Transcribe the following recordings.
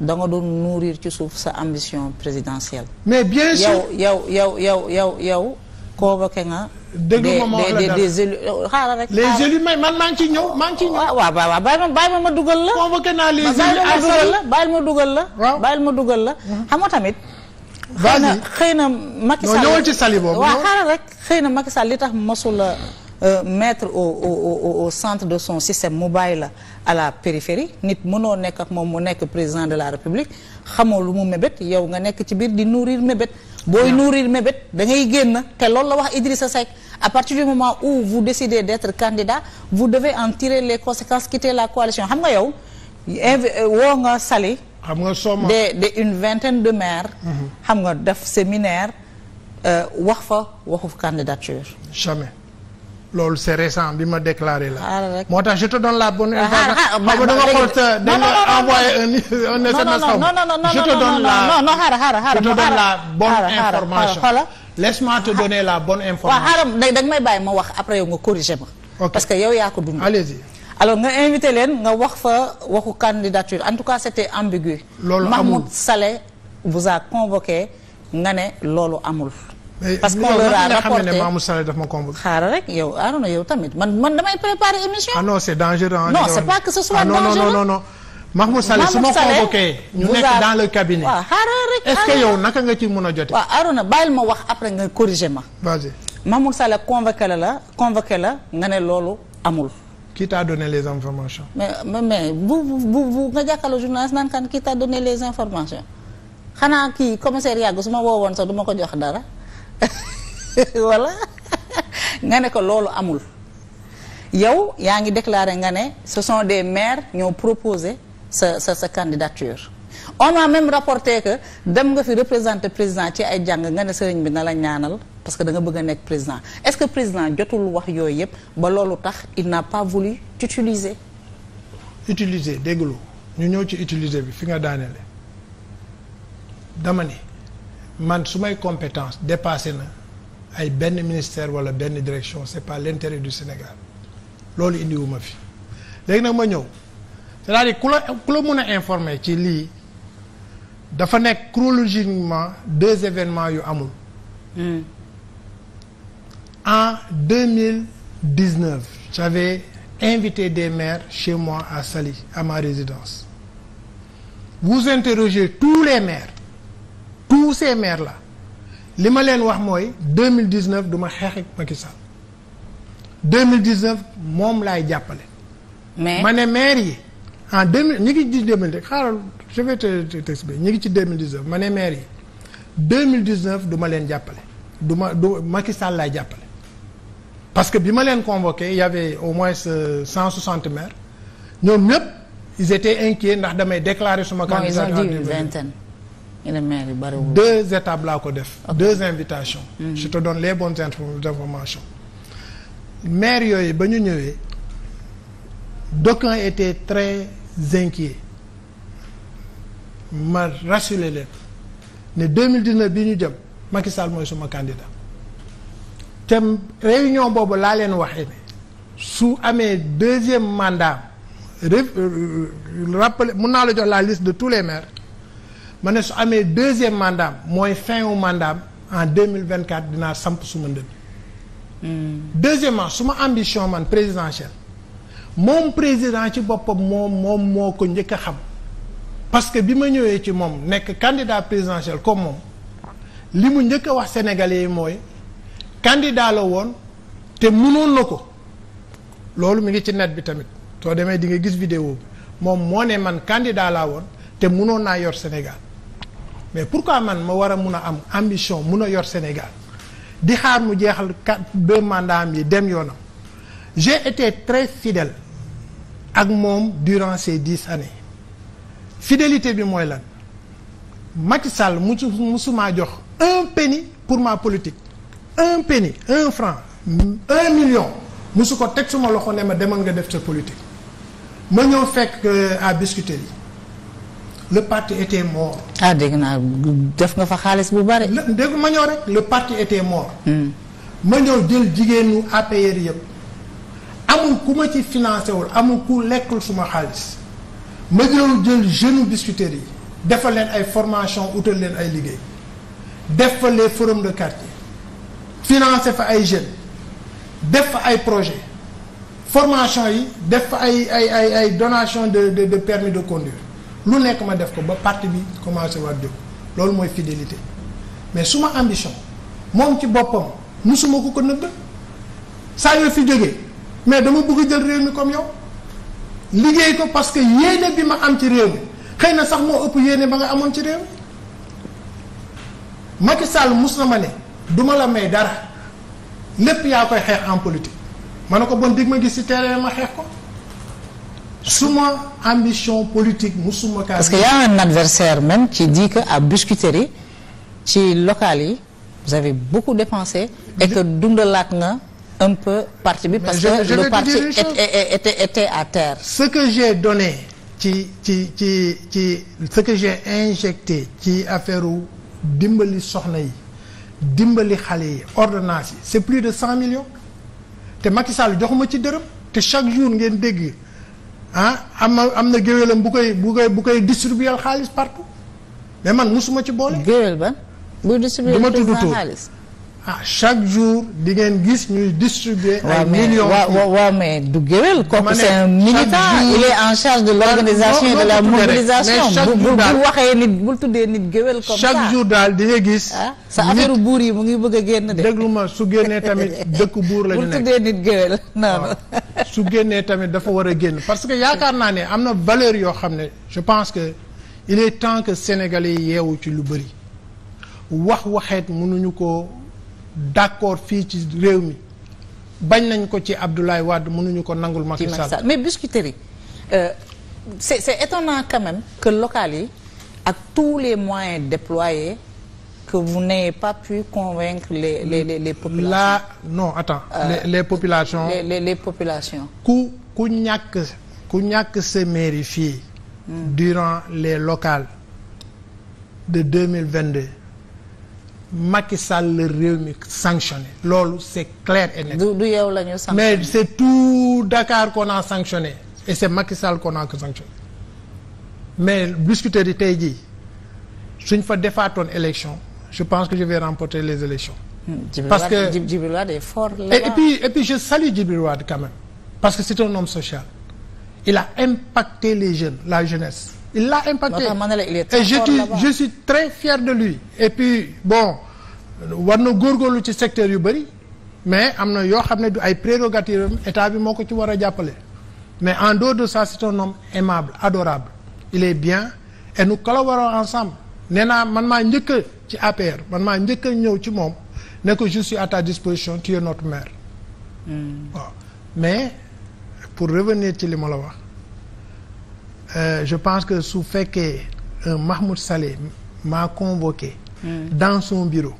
da nga doon nourrir ci suuf sa ambition présidentielle. mais bien sûr yow yow yow yow yow convoqué nga. déglu ma ma xaaral rek. les élus may man maa ngi ciy ñëw maa ngi ciy ñëw. waaw waaw waaw bàyyi ma ma dugal la. convoqué naa les bàyyi ma dugal la. waaw ma dugal la. tamit. xëy na xëy na Macky xaaral rek xëy na Macky Sall li tax mosul Euh, mettre au au au centre de son système mu bàyyi la à la périphérie nit mënoo nekk ak moom mu nekk président de la république xamoo lu mu mébét yow nga nekk ci biir di nourrir mébét. booy nourrir mébét da ngay génn te loolu la wax Idrissa Seck à partir du moment où vous décidez d'être candidat vous devez en tirer les conséquences quitter la coalition xam nga yow. Euh, woo nga Sali. xam nga Soma de de une vingtaine de maire mhm. xam nga def séminaire euh, wax fa waxu candidature. loolu c'est récent bi ma déclaré la. moo tax je te donne la bonne ah, ah, information. Ah, ma ma ma envoyé un SMS. non non non non je te donne la non je te donne la donner la bonne information. waaw xaaral da nga may bàyyi ma wax après yow nga corriger ma. parce que yow yaa ko dund. allez alors nga invité leen nga wax fa waxu candidature en tout cas c'était ambigu. loolu amul Mahmoud Saleh vous nga ne loolu amul. parce qu'on leur a rapporté mais Mamour Salé daf ma comble. xaaral rek yow Arona ah yow tamit man man damay préparer émission. ah non c'est dangereux. non c'est pas que ce soit ah dangereux non non non non. Mahmoud Saleh su ma convoqué ñu nekk dans le cabinet. yow naka nga ci mën a jot jotee. waaw Arona bàyyil ma wax après nga corriger ma. vas-y Mahmoud la la convoqué la nga ne loolu amul. qui t'a donné les informations. mais mais bu bu bu nga jàkkaarloo journaliste naan kan qui t'a les informations xanaa kii commissaire yàgg su ma woowoon sax du ma ko jox dara. voilà nga ne ko loolu amul yow yaa ngi déclaré nga ne ce sont des maire ñoo proposé sa sa sa candidature on a même rapporté que dem nga fi représenter président ci ay jàng nga ne sëriñ bi na la ñaanal parce que da nga bëgg a nekk président est-ce que président jotul wax yooyu yëpp ba loolu tax il n'a pas voulu t'utiliser utiliser déglu ñu ñëw ci utiliser bi fi nga daaneele dama ni man su may compétence dépassé na ay benn ministère wala benn direction c'est pas l'intérêt du Sénégal loolu indiwuma fi léegi nag ma ñëw c'est-à-dire ku la ku la mën a informer ci lii dafa nekk chronologiquement deux événements yu amul mm. en 2019 j'avais invité des maires chez moi à sali à ma résidence vous interrogez tous les maires tous ces maires là li ma leen wax mooy 2019 du ma xeex ak Macky Sall 2019 moom laay jàppale. mais ma ne maire yi en 2000 ñu ngi ci 2019 xaaral je vais ñu ngi ci 2019 ma ne maire yi 2019 du ma leen jàppale duma ma du Macky Sall laay jàppale. parce que bi ma leen convoqué y avait au moins 160 euh, maires ñoom ñëpp ils étaient inquiets ndax damay déclarer suma candidature. Bon, ils ont dit une deux étapes laa ko def deux invitations mm -hmm. je te donne les bonnes informations maire yooyu ba ñu ñëwee d'aucuns étaient très inquiets ma rassuré leen ne 2019 bi ñu jëm Macky Sall mooy suma candidat te réunion boobu laa leen waxee ne su amee deuxième mandat euh, euh, euh, rappelé mun naa la jox la liste de tous les maires ma ne su amee deuxième mandat mooy fin wu mandat en deux mille vingt quatre dinaa samp suma ndënd. Hmm. su ma ambition man présidentielle moom président ci boppam moom moom moo ko njëkk a xam parce que bi ma ñëwee ci moom nekk candidat présidentiel comme moom li mu njëkk a wax sénégalais yi mooy candidat la woon te mënoon na ko loolu mu ngi ci net bi tamit soo demee di nga gis vidéo moom moo ne man candidat laa woon te mënoon naa yor Sénégal. mais pourquoi man ma war a mun a am ambition mun a yor Sénégal di xaar mu jeexal quatre deux mandats yi dem yoonam j'ai été très fidèle ak moom durant ces dix années fidélité bi mooy lan Macky Sall musu musumaa jox un penny pour ma politique un penny un franc un million musu ko teg suma loxo ne ma demal nga def sa politique ma ñëw fekk euh, à yi le parti était mort. ah dégg naa def nga fa xaalis bu bare. dégg ma ñëw rek le parti était mort. Hmm. ma ñëw jël jigéenu APR yëpp amul ku ma ci financé wul amul ku lekkul suma xaalis ma ñëw jël jeune biscuiterie yi defal leen ay formation utal leen ay liggéey def fa les forums de quartier financé fa ay jeunes def fa ay projet formation yi def fa ay ay ay ay donation de de de permis de conduire. lu nekk ma def ko ba parti bi commencé waat jóg loolu mooy fidélité mais suma ambition moom ci boppam musuma ko ko nëbb saa yoo fi jógee mais dama bëgg jël réew mi comme yow liggéey ko parce que yéene bi ma am ci réew mi xëy na sax moo ëpp yéene ba nga amoon ci réew mi Macky Sall mus na ma ne duma la may dara lépp yaa koy xeex en politique ma ne ko bon dig ma gis ci terrain ma xeex ko suma ambition politique musuma kaa. parce que y un adversaire même qui dit que à Biscuiterie ci local yi vous avez beaucoup dépensé. et que dundalaat nga un peu parti bi. parce que je le parti était, était, à terre. ce que j'ai donné ci ci ci ci ce que j'ai injecté ci affaire dimbali soxna yi dimbali xale yi ordonnance yi c'est plus de cent millions te Macky Sall joxuma ci dërëm te chaque jour ngeen dégg. ah am na am na géwélam bu koy bu koy bu koy distribuer xaalis partout mais man musuma ci boole. géwél ba buy distribuer xaalis ah chaque jour di ngeen gis ñuy distribuer. ay millions waaw mais du géwél. kooku c'est un militant il est en charge de l'organisation de la mobilisation. bu bu waxee nit bul tuddee nit géwél comme ça chaque jour daal di nga gis. Ah, sa affaire buur yi mu ngi bëgg a génn de. déglu su génnee tamit dëkk buur la ñu nekk bul su génnee tamit dafa war a génn parce que yaakaar naa ne am na valeur yoo xam ne je pense que il est temps que sénégalais yeewu ci lu bëri wax waxeet mënuñu ko. d'accord fii ci réew mi bañ nañ ko ci Abdoulaye Wade mënuñu ko nangul Macky Sall mais Biscuiterie euh, c'est c'est étonnant quand même que local yi ak tous les moyens déployés que vous n'ayez pas pu convaincre les les les, les populations. là non attends euh, les, les les les, les ku ku ñàkk ku ñàkk sa mairie fii. Hmm. durant les locales de deux mille vingt deux Macky Sall la réew mi loolu c'est clair et net. du du yow la ñu mais c'est tout Dakar qu'on a sanctionné et c'est Macky Sall qu'on a sanctionné mais Biscuiterie yi tey jii suñ fa defaatoon élection je pense que je vais remporter les élections. Hmm, parce que Djibril Wade est fort là je salue Djibril quand même parce que c'est un homme social il a impacté les jeunes la jeunesse. il l'a impacté et je suis je suis très fier de lui et puis bon war na góor góorgóorlu ci secteur yu bëri mais am na yoo xam ne du ay prérogative am état bi moo ko ci war a jàppale mais en dehors de sa c'est un homme aimable adorable il est bien et nous collaborons ensemble nee naa man maa njëkk a ci APR man maa njëkk a ñëw ci moom ne ko je suis à ta disposition tu es notre maire hmm. waaw mais pour revenir ci li ma la wax Euh, je pense que su fekkee euh, Mahmoud Saleh m'a convoqué. Hmm. dans son bureau.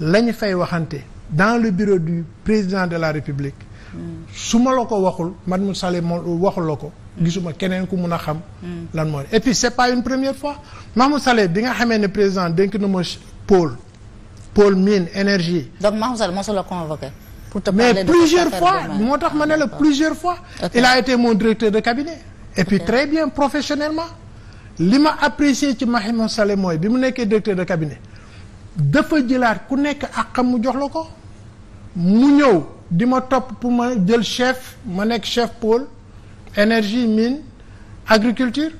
la fay waxante dans le bureau du président de la République. Hmm. su ma la ko waxul Mahmoud Saleh moom waxul la ko. Hmm. gisuma keneen ku mun a xam. lan mooy et puis c'est pas une première fois Mahmoud Saleh bi nga xamee ne président dénk na ma pôle. pôle mine énergie. donc Mahmoud Saleh mosul la convoqué. pour mais plusieurs fois moo tax ma ne la ah. plusieurs fois. il a été mon directeur de cabinet. et puis très bien professionnellement li ma apprécié ci Mahimoud Saleh mooy bi mu nekkee directeur de cabinet dafa jëlaat ku nekk ak xam mu jox la ko mu ñëw di ma topp pour ma jël chef ma nekk chef pôle énergie miine agriculture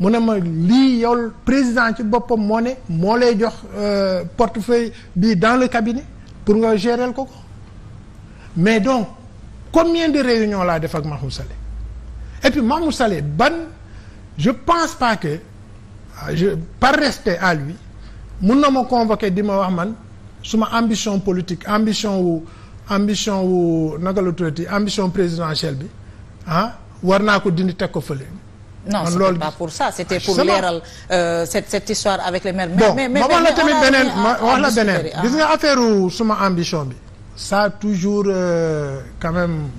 mu ne ma lii yow président ci boppam moo ne moo lay jox euh, portefeuille bi dans le cabinet pour nga gérer ko ko mais donc combien de réunions laa def ak Mahmoud Saleh et puis Mahmoud Saleh ban je pense pa que ah, je par respect à lui mun na ma convoquer di ma wax man suma ambition politique ambition wu ambition wu naka la tuddati ambition présidentielle bi ah war naa ko dindi teg ko fële. non c'était pas pour ça c'était ah, pour leeral euh, cette cette histoire avec les maires. bon ma wax la tamit beneen ma wax la ah, beneen gis nga affaire suma ambition bi. ça a toujours euh, quand même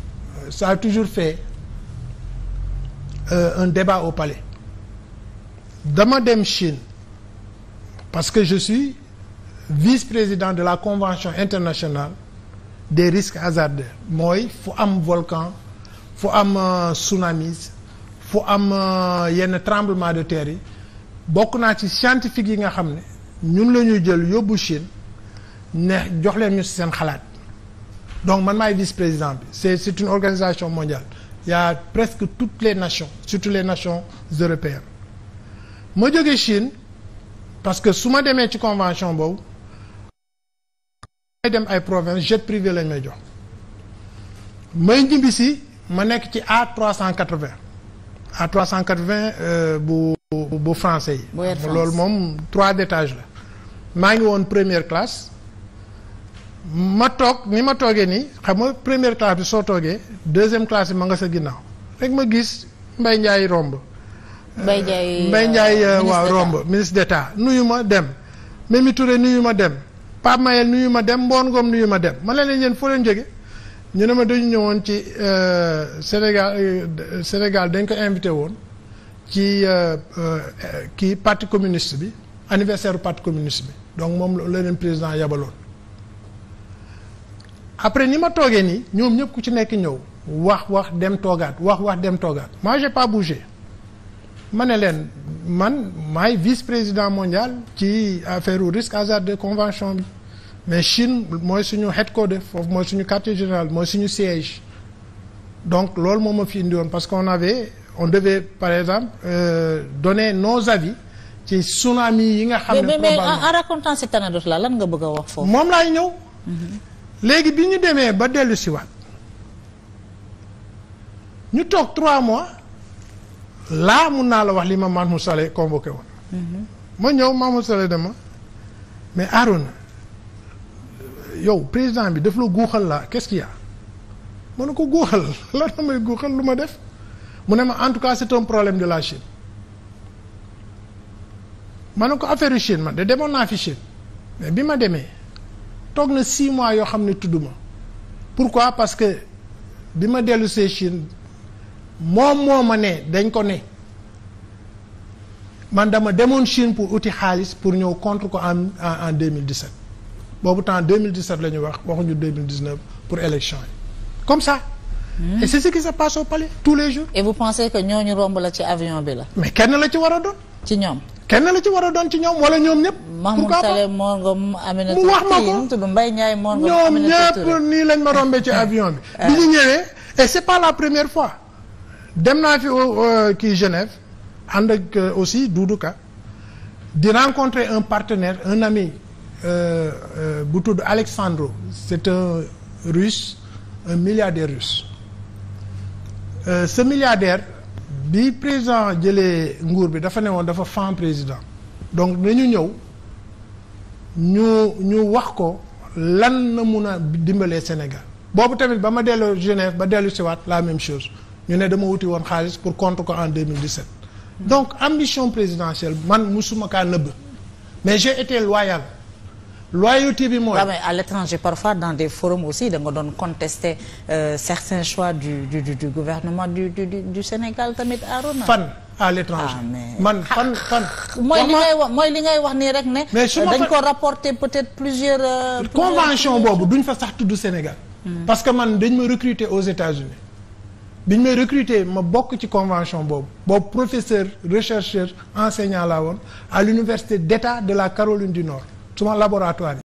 euh, ça toujours fait. Euh, un débat au palais dama dem Chine parce que je suis vice-président de la convention internationale des risques hasardeux mooy fu am volcan fu am euh, tsunamis fu am euh, yenn tremblement de terre yi bokk naa ci scientifique yi nga xam ne ñun la ñuy jël yóbbu Chine ne jox leen ñu si seen xalaat donc man maay vice-président bi c'est c'est une organisation mondiale y presque toutes les nations surtout les nations européennes ma jóge Chine parce que su ma demee ci convention boobu may dem ay province jet privé lañ may jox may ñibbisi ma nekk ci A380 A380 euh, bu bu français yi loolu moom trois étages la maa ngi woon première classe ma toog ni ma toogee nii xam nga première classe bi soo toogee deuxième classe bi ma nga sa ginnaaw rek ma gis Mbaye Ndiaye romb. Mbaye Ndiaye euh, Mbaye euh, romb ministre d'État nuyu ma dem. Mimi Touré nuyu ma dem Pape Mayel nuyu ma dem Mboon Ngom nuyu ma dem ma leen yéen foo leen jóge ñu ne ma dañu ñëwoon ci euh, Sénégal Sénégal dañ ko invité woon ci kii parti communiste bi anniversaire parti communiste bi donc moom la leen président yabaloon. après ni ma toogee nii ñoom ñëpp ku ci nekk ñëw wax wax dem toogaat wax wax dem toogaat moi j'ai pas bougé ma ne leen man may vice président mondial ci affaire au risque hasard de convention bi mais Chine mooy suñu headquarter foofu mooy suñu quartier général mooy suñu siège donc loolu moom ma fi indi woon parce qu'on avait on devait par exemple euh, donner nos avis ci tsunami yi nga. xam ne probablement mais mais en lan nga bëgg a wax foofu. moom laay ñëw. Mm-hmm. léegi bi ñu demee ba dellusi si ñu toog trois mois laa mun naa la wax li ma Mahmoud Saleh convoqué woon mm-hmm. ma ñëw Mahmoud dem ma mais Arouna yow président bi daf la guuxal la qu'est-ce a ko guuxal la damay guuxal lu ma def mu ne ma en tout cas c'est un problème de la Chine ma ne ko affaire Chine man de demoon naa fi Chine mais bi ma demee toog na six mois yoo xam ne tudd ma pourquoi parce que bi ma dellu see Chine moom moo ma ne dañ ko ne man dama demoon Chine pour uti xaalis pour ñëw contre ko en en 2017 boobu temps 2017 la ñu wax waxuñu 2019 pour élection yi comme ça. Mmh. et c'est ce qui se passe au palais tous les jours. et vous pensez que ñooñu romb la ci avion bi la. mais kenn la ci war a doon. ci ñoom. kenn la ci war a doon ci ñoom wala ñoom ñëpp. Mahmoud Saleh Mor Ngom Aminata mu wax ma ko Mbaye Ndiaye Mor Ngom ñoom ñëpp nii lañ ma rombee ci eh. avion bi eh. bi ñu ñëwee et c'est pas la première fois dem naa fi kii Genève ànd ak euh, aussi Doudou Ka di rencontrer un partenaire un ami euh, euh, bu tudd Alexandro c'est un russe un milliardaire russe euh, ce milliardaire bi président jëlee nguur bi dafa ne woon dafa fan président donc nañu ñëw ñu ñu wax ko lan na mun a dimbalee Sénégal boobu tamit ba ma delloo Genève ba dellu siwaat la même chose ñu ne dama wuti woon xaalis pour contre ko en 2017 donc ambition présidentielle man musuma kaa nëbb mais j'ai été loyal loyauté bi mooy. waaw mais à l'étranger parfois dans des forums aussi da nga doon contester euh, certains choix du du du gouvernement du du du Sénégal tamit Arona fan à l'étranger ah, man fan ah, fan. mooy li ngay wax mooy li ngay wax nii rek ne. mais su ma dañ ko rapporter peut-être plusieurs. Euh, convention boobu duñ fa sax tudd Sénégal. Hmm. parce que man dañ ma recruter aux États-Unis biñ may recruter ma bokk ci convention boobu boobu professeur rechercheur enseignant laa woon à l'université d'État de la Caroline du Nord suma laboratoire yi.